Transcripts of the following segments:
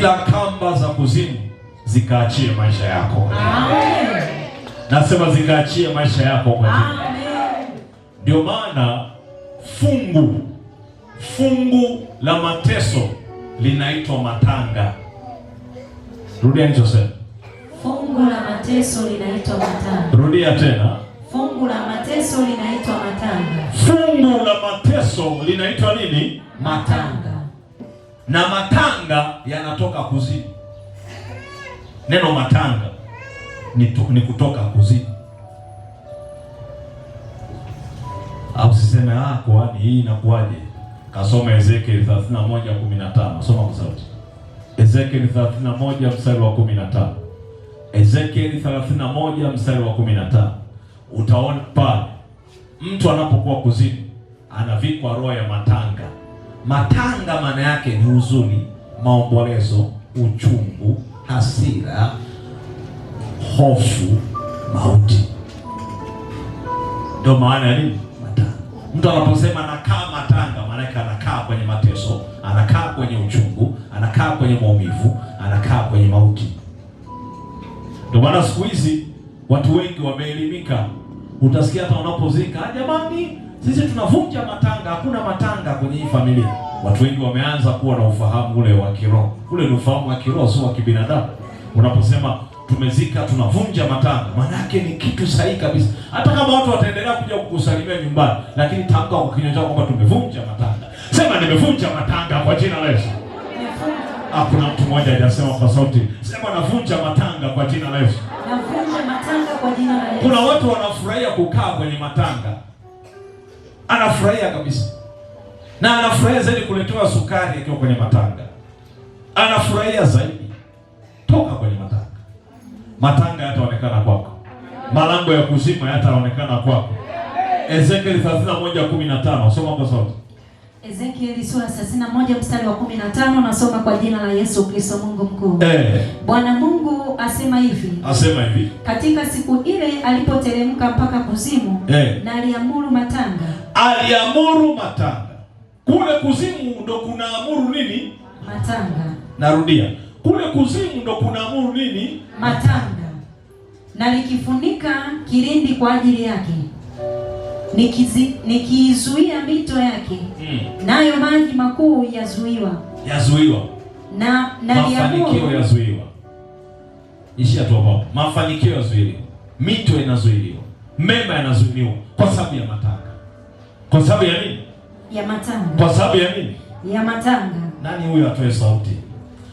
kila kamba za kuzimu zikaachie maisha yako. Amen. Nasema zikaachie maisha yako kwa jina. Amen. Ndio maana fungu fungu la mateso linaitwa matanga. Rudia nichosema. Fungu la mateso linaitwa matanga. Rudia tena. Fungu la mateso linaitwa matanga. Fungu la mateso linaitwa nini? Matanga na matanga yanatoka kuzimu. Neno matanga ni, tu, ni kutoka kuzimu, au siseme ah, kwani hii inakuwaje? Kasoma Ezekieli 31:15, soma kwa sauti. Ezekieli 31 mstari wa 15. Ezekieli 31 mstari wa 15, utaona pale mtu anapokuwa kuzimu anavikwa roho ya matanga Matanga maana yake ni huzuni, maombolezo, uchungu, hasira, hofu, mauti. Ndio maana ya nini matanga. Mtu anaposema anakaa matanga, maana yake anakaa kwenye mateso, anakaa kwenye uchungu, anakaa kwenye maumivu, anakaa kwenye mauti. Ndio maana siku hizi watu wengi wameelimika, utasikia hata unapozika, ah, jamani sisi tunavunja matanga, hakuna matanga kwenye hii familia. Watu wengi wameanza kuwa na ufahamu ule wa kiroho. Ule ni ufahamu wa kiroho, sio wa kibinadamu. Unaposema tumezika, tunavunja matanga, maana yake ni kitu sahihi kabisa. Hata kama watu wataendelea kuja kukusalimia nyumbani, lakini tamka kwa kinywa chako kwamba tumevunja matanga. Sema nimevunja matanga kwa jina la Yesu. Hakuna mtu mmoja hajasema kwa sauti. Sema navunja matanga kwa jina la Yesu. Navunja matanga kwa jina la Yesu. Kuna watu wanafurahia kukaa kwenye matanga anafurahia kabisa, na anafurahia zaidi kuletewa sukari akiwa kwenye matanga, anafurahia zaidi. Toka kwenye matanga, matanga yataonekana kwako, malango ya kuzima yataonekana kwako. Ezekieli 31:15 soma kwa sauti. Ezekieli sura 31 mstari wa 15, nasoma kwa jina la Yesu Kristo Mungu mkuu. Eh. Bwana Mungu asema hivi. Asema hivi. Katika siku ile alipoteremka mpaka kuzimu, eh, na aliamuru matanga aliamuru matanga. Kule kuzimu ndo kunaamuru nini? Matanga. Narudia, kule kuzimu ndo kunaamuru nini? Matanga, na likifunika kilindi kwa ajili yake, nikiizuia mito yake hmm. nayo maji makuu yazuiwa, yazuiwa na mafanikio yazuiwa, ishia tu hapo. Mafanikio yazuiliwa, mito inazuiliwa, mema yanazuiliwa kwa sababu ya matanga. Kwa sababu ya nini? Ya matanga. Kwa sababu ya nini? Ya matanga. Nani huyo atoe sauti?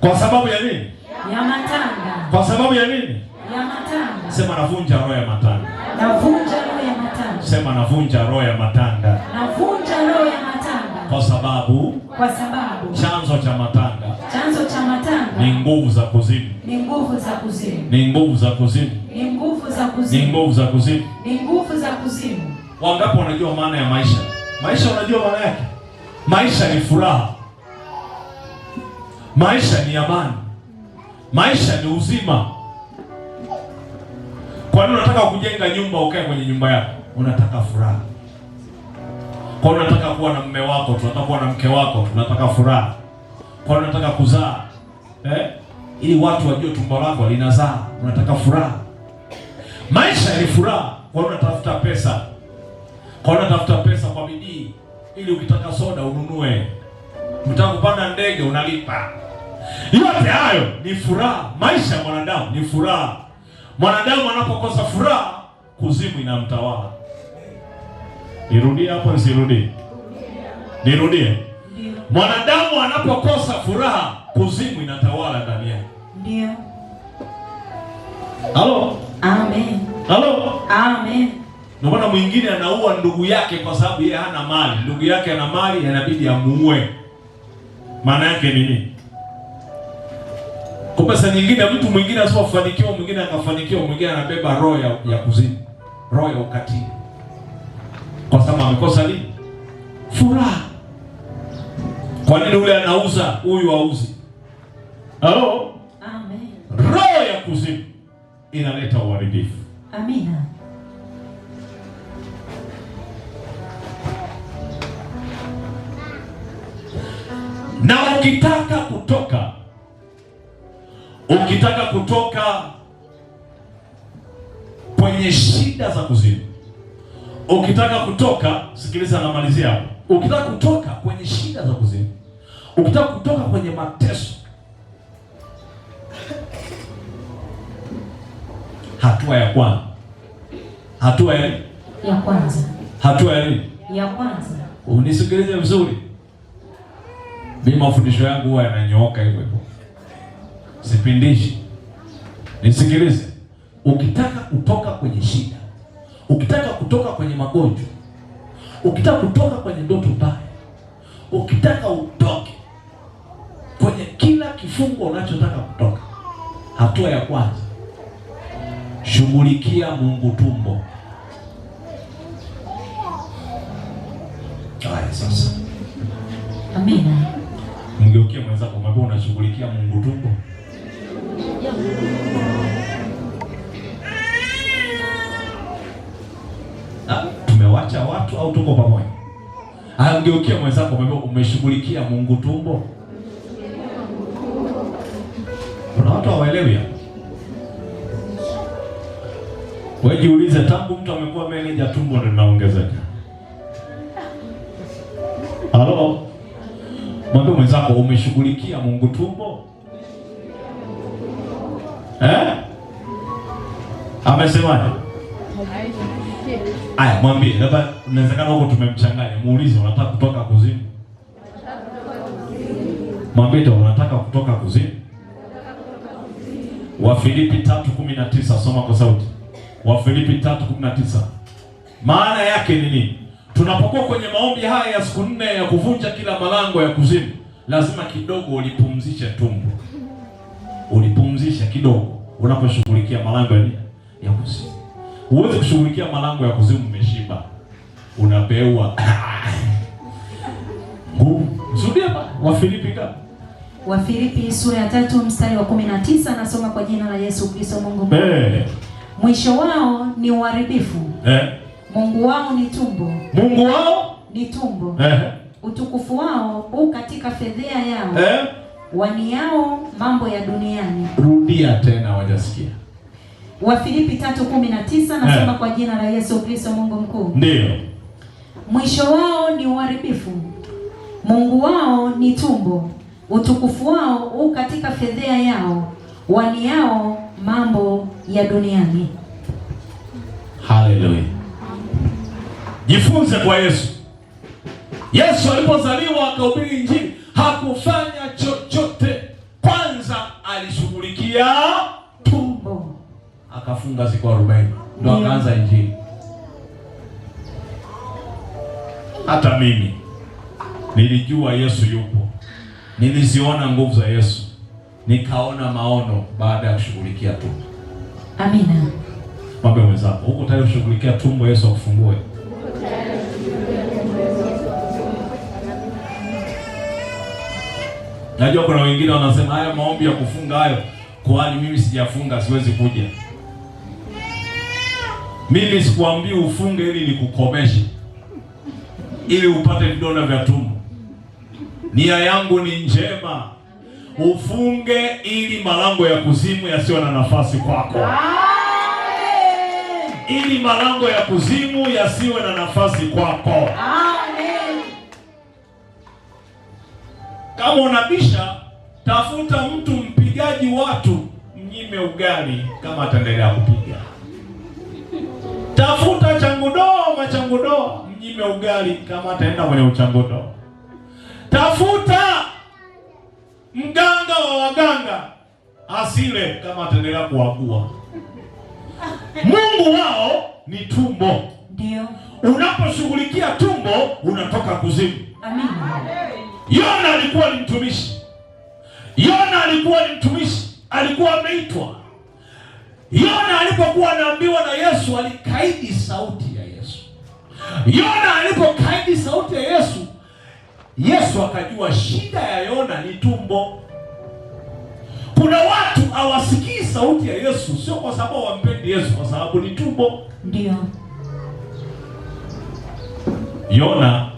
Kwa sababu ya nini? Ya matanga. Kwa sababu ya nini? Ya matanga. Sema navunja roho ya matanga. Navunja roho ya matanga. Sema navunja roho ya matanga. Navunja roho ya matanga. Kwa sababu kwa sababu chanzo cha matanga. Chanzo cha matanga ni nguvu za kuzimu. Ni nguvu za kuzimu. Ni nguvu za kuzimu. Ni nguvu za kuzimu. Ni nguvu za kuzimu. Ni nguvu Wangapi wanajua maana ya maisha? Maisha unajua maana yake? Maisha ni furaha, maisha ni amani, maisha ni uzima. Kwa nini unataka kujenga nyumba ukae kwenye nyumba yako? Unataka furaha. Kwa nini unataka kuwa na mume wako? Tunataka kuwa na mke wako, tunataka furaha. Kwa nini unataka kuzaa eh? Ili watu wajue tumbo lako linazaa, unataka furaha. Maisha ni furaha. Kwa nini unatafuta pesa? Kwa hiyo tafuta pesa kwa bidii, ili ukitaka soda ununue, ukitaka kupanda ndege unalipa. Yote hayo ni furaha. Maisha ya mwanadamu ni furaha. Mwanadamu anapokosa furaha, kuzimu inamtawala. Nirudie hapo, nisirudie? Nirudie? Mwanadamu anapokosa furaha, kuzimu inatawala ndani yake. Ndio. Halo. Amen. Halo. Amen. Ndio maana mwingine anaua ndugu yake kwa sababu yeye hana mali, ndugu yake ana mali, inabidi amuue. Maana yake nini? Kwa pesa nyingine, mtu mwingine asiyofanikiwa, mwingine akafanikiwa, mwingine anabeba roho ya, ya kuzini, roho ya ukatili, kwa sababu amekosa nini? Furaha. Kwa nini yule anauza, huyu auzi Halo, amen. Roho ya kuzimu inaleta uharibifu. Amina. Na ukitaka kutoka, ukitaka kutoka kwenye shida za kuzimu, ukitaka kutoka, sikiliza, namalizia hapo. Ukitaka kutoka kwenye shida za kuzimu, ukitaka kutoka kwenye mateso, hatua ya kwanza, hatua ya ya kwanza, hatua ya nini? Ya vizuri mimi mafundisho yangu huwa yananyooka hivyo hivyo, sipindishi. Nisikilize, ukitaka kutoka kwenye shida, ukitaka kutoka kwenye magonjwa, ukitaka kutoka kwenye ndoto mbaya, ukitaka utoke kwenye kila kifungo unachotaka kutoka, hatua ya kwanza, shughulikia Mungu tumbo. Haya, sasa. Amina. Mgeukie mwenzako, mwambie unashughulikia Mungu tumbo. Tumewacha watu au tuko pamoja? Mgeukie mwenzako, mwambie umeshughulikia Mungu tumbo. Kuna watu hawaelewi hapo. Wejiulize, tangu mtu amekuwa meneja tumbo ndio naongezeka. Mwambie mwenzako umeshughulikia Mungu tumbo eh? Amesemaje? Aya, mwambie labda inawezekana huko tumemchanganya. Muulize, unataka kutoka kuzimu? Mwambie tu unataka kutoka kuzimu. Wafilipi 3:19 soma kwa sauti. Wafilipi 3:19 maana yake ni nini? Tunapokuwa kwenye maombi haya ya siku nne ya kuvunja kila malango ya kuzimu, lazima kidogo ulipumzishe tumbo, ulipumzisha kidogo unaposhughulikia malango ya, ya kuzimu. Huwezi kushughulikia malango ya kuzimu umeshiba, unapeua nguvu. ba Wafilipi ka Wafilipi sura ya tatu mstari wa tisa nasoma kwa jina la Yesu Kristo Mungu. Hey. Eh. Mwisho wao ni uharibifu. Hey. Eh. Mungu wao ni tumbo. Mungu wao ni tumbo. Eh. Utukufu wao u katika fedhea yao. Eh. Waniao mambo ya duniani. Rudia tena wajasikia. Wafilipi 3:19 nasema eh, kwa jina la Yesu Kristo Mungu mkuu. Ndio. Mwisho wao ni uharibifu. Mungu wao ni tumbo. Utukufu wao huu katika fedhea yao. Waniao mambo ya duniani. Hallelujah. Jifunze kwa Yesu. Yesu alipozaliwa akahubiri Injili hakufanya chochote, kwanza alishughulikia tumbo, akafunga siku arobaini ndo akaanza Injili. Hata mimi nilijua Yesu yupo, niliziona nguvu za Yesu, nikaona maono baada ya kushughulikia tumbo. Amina. Mwambie mwenzako huko tayari kushughulikia tumbo, Yesu akufungue. Najua kuna wengine wanasema haya maombi ya kufunga hayo, kwani mimi sijafunga siwezi kuja. Mimi sikuambii ufunge ili nikukomeshe, ili upate vidonda vya tumbo. Nia yangu ni njema, ufunge ili malango ya kuzimu yasiwe na nafasi kwako ili malango ya kuzimu yasiwe na nafasi kwako. Kama unabisha, tafuta mtu mpigaji watu, mnyime ugali kama ataendelea kupiga. Tafuta changudoa machangudoa, mnyime ugali kama ataenda kwenye uchangudoa. Tafuta mganga wa waganga, asile kama ataendelea kuagua. Mungu wao ni tumbo. Ndio. Unaposhughulikia tumbo unatoka kuzimu. Amen. Yona alikuwa ni mtumishi. Yona alikuwa ni mtumishi, alikuwa ameitwa. Yona alipokuwa anaambiwa na Yesu alikaidi sauti ya Yesu. Yona alipokaidi sauti ya Yesu, Yesu akajua shida ya Yona ni tumbo. Kuna watu hawasikii sauti ya Yesu, sio kwa sababu wampendi Yesu, kwa sababu ni tumbo. Ndio Yona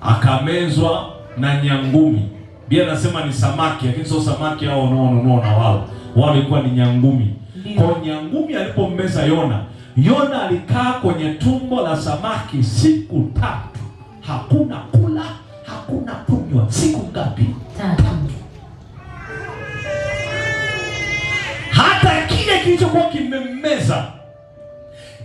akamezwa na nyangumi. Bia anasema ni samaki, lakini sio samaki hao wanaonunua na wao. Wao walikuwa ni nyangumi. Kwa nyangumi alipommeza Yona, Yona alikaa kwenye tumbo la samaki siku tatu. Hakuna kula, hakuna kunywa. Siku ngapi? Tatu. Hata kile kilichokuwa kimemmeza,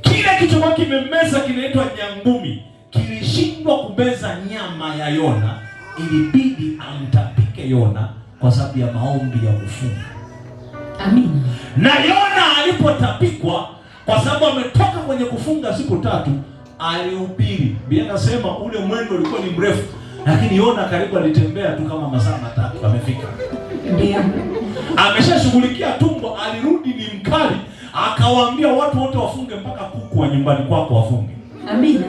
kile kilichokuwa kimemeza kinaitwa nyangumi, kilishindwa kumeza nyama ya Yona ilibidi amtapike Yona kwa sababu ya maombi ya kufunga. Amina. Na Yona alipotapikwa kwa sababu ametoka kwenye kufunga siku tatu, alihubiri. Biblia inasema ule mwendo ulikuwa ni mrefu, lakini Yona karibu alitembea tu kama masaa matatu, amefika. Ndio. Ameshashughulikia tumbo, alirudi ni mkali, akawaambia watu wote wafunge mpaka kuku wa nyumbani kwako wafunge. Amina.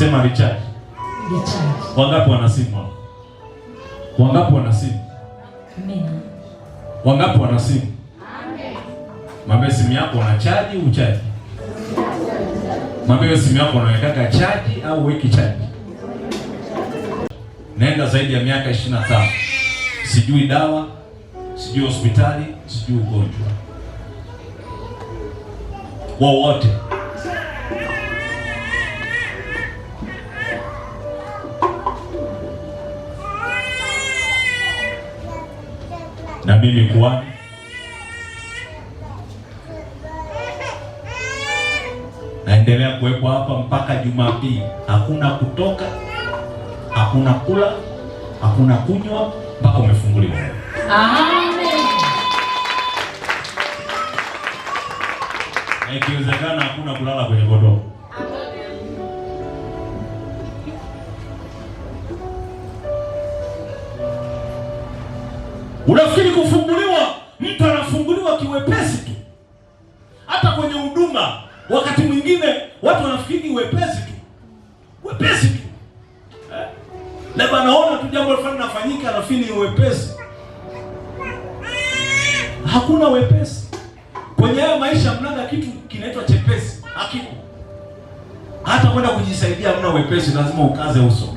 Sema recharge. Recharge. Wangapi wana simu? Wangapi wana simu? Amen. Wangapi wana simu? Amen. Mwambie simu yako una chaji au uchaji? Mwambie simu yako unaweka chaji au weki chaji? Naenda zaidi ya miaka 25. Sijui dawa, sijui hospitali, sijui ugonjwa wowote na mimi kuwa naendelea kuwepo hapa mpaka Jumapili. Hakuna kutoka, hakuna kula, hakuna kunywa mpaka umefunguliwa. Amen. Na ikiwezekana hakuna kulala kwenye godoro. Unafikiri kufunguliwa, mtu anafunguliwa kiwepesi tu. Hata kwenye huduma wakati mwingine watu wanafikiri wepesi tu, wepesi tu eh? Labda anaona tu jambo fulani linafanyika, anafikiri ni wepesi. Hakuna wepesi kwenye haya maisha, mnaga kitu kinaitwa chepesi, hakiko. Hata kwenda kujisaidia hamna wepesi, lazima ukaze uso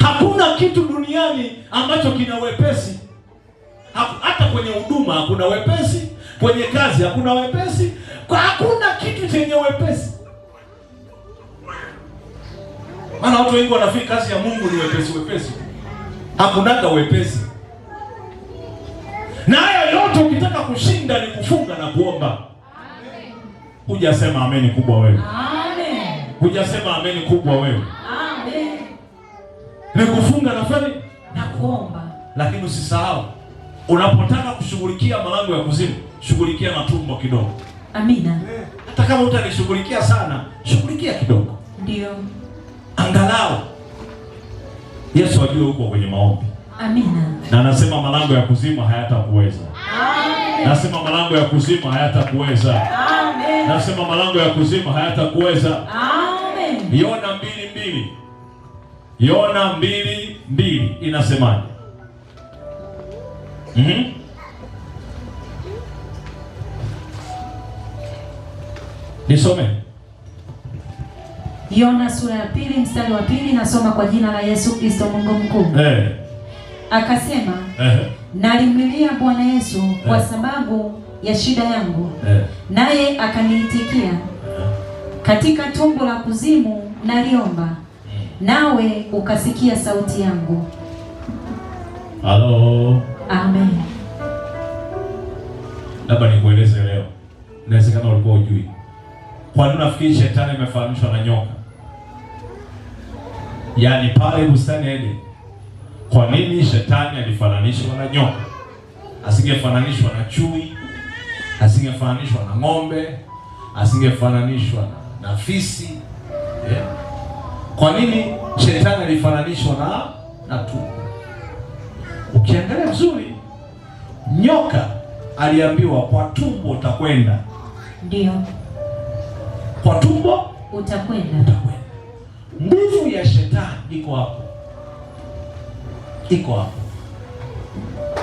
Hakuna kitu duniani ambacho kina wepesi. Hata kwenye huduma hakuna wepesi, kwenye kazi hakuna wepesi, kwa hakuna kitu chenye wepesi. Maana watu wengi wanafikiri kazi ya Mungu ni wepesi wepesi. Hakunaka wepesi, na haya yote ukitaka kushinda ni kufunga na kuomba. Hujasema ameni kubwa wewe, hujasema ameni kubwa wewe ni kufunga na fani na kuomba. Lakini usisahau unapotaka kushughulikia malango ya kuzimu, shughulikia na tumbo kidogo. Amina. Hata kama utanishughulikia sana, shughulikia kidogo, ndio angalau Yesu ajue huko kwenye maombi. Amina. Na nasema malango ya kuzimu hayatakuweza. Amen. Nasema malango ya kuzimu hayatakuweza. Amen. Nasema malango ya kuzimu hayatakuweza. Amen. Yona mbili mbili Yona mbili mbili inasemaje? mm -hmm. Nisome Yona sura ya pili mstari wa pili nasoma kwa jina la Yesu Kristo Mungu mkuu. Eh. Akasema eh. Nalimlilia Bwana Yesu hey. kwa eh. sababu ya shida yangu hey. Eh. naye akaniitikia hey. Eh. katika tumbo la kuzimu naliomba nawe ukasikia sauti yangu. Halo. Amen. Labda nikueleze leo, inawezekana ulikuwa ujui. Kwa nini nafikiri shetani imefananishwa na nyoka? Yaani pale bustani Edeni, kwa nini shetani alifananishwa na nyoka? Asingefananishwa na chui, asingefananishwa na ng'ombe, asingefananishwa na, na fisi yeah. Kwa nini shetani alifananishwa na na tunu? Ukiangalia vizuri, nyoka aliambiwa kwa tumbo utakwenda, ndio kwa tumbo utakwenda, utakwenda. Nguvu ya shetani iko hapo, iko hapo.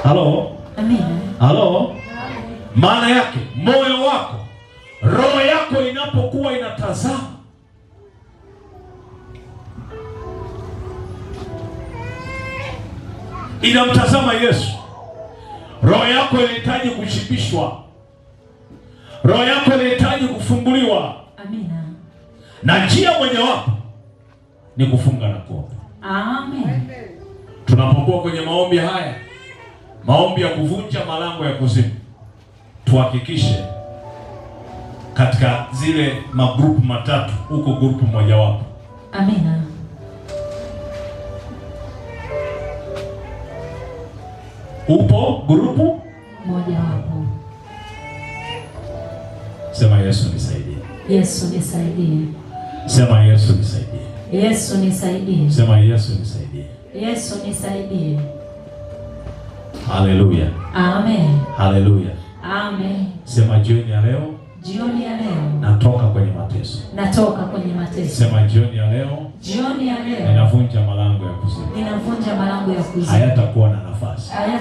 Halo, amina. Halo, maana yake moyo wako, roho yako inapokuwa inatazama inamtazama Yesu. Roho yako inahitaji kushibishwa, roho yako inahitaji kufunguliwa. Amina. Na njia mojawapo ni kufunga na kuomba. Amen. Tunapokuwa kwenye maombi haya, maombi ya kuvunja malango ya kuzimu, tuhakikishe katika zile magrupu matatu, huko grupu mojawapo. Amina. upo grupu moja wapo. Sema Yesu nisaidie. Yesu nisaidie. Sema Yesu nisaidie. Yesu nisaidie. Sema Yesu nisaidie. Yesu nisaidie. Haleluya. Amen. Haleluya. Amen. Sema jioni ya leo. Jioni ya leo. Natoka kwenye mateso. Natoka kwenye mateso. Sema jioni ya leo. Jioni ya leo. Ninavunja malango ya kuzimu. Ninavunja malango ya kuzimu. Hayatakuwa na nafasi. Hayata